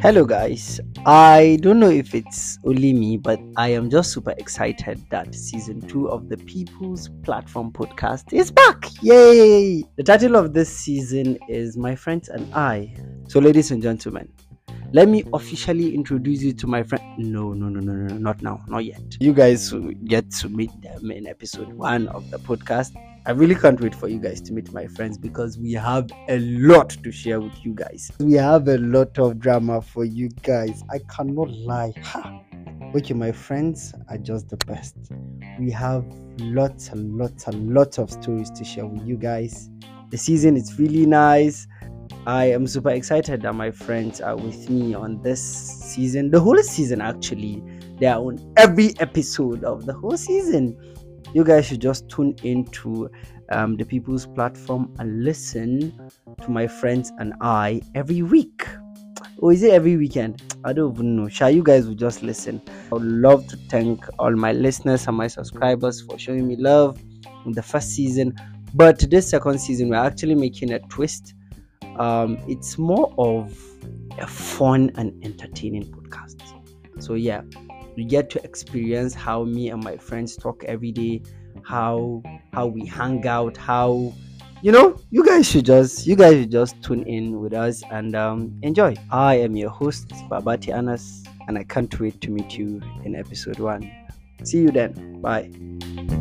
Hello, guys. I don't know if it's only me, but I am just super excited that season two of the People's Platform podcast is back. Yay! The title of this season is My Friends and I. So, ladies and gentlemen, let me officially introduce you to my friend. No, no, no, no, no, not now, not yet. You guys get to meet them in episode one of the podcast, I really can't wait for you guys to meet my friends because we have a lot to share with you guys. We have a lot of drama for you guys. I cannot lie. Ha. Okay, my friends are just the best. We have lots and lots and lots of stories to share with you guys. The season is really nice. I am super excited that my friends are with me on this season, the whole season actually. They are on every episode of the whole season you guys should just tune into um, the people's platform and listen to my friends and I every week. Or is it every weekend? I don't even know. Shall you guys will just listen? I would love to thank all my listeners and my subscribers for showing me love in the first season. But this second season, we're actually making a twist. Um, it's more of a fun and entertaining podcast. So, yeah, you get to experience how me and my friends talk every day how how we hang out how you know you guys should just you guys should just tune in with us and um, enjoy i am your host babati anas and i can't wait to meet you in episode one see you then bye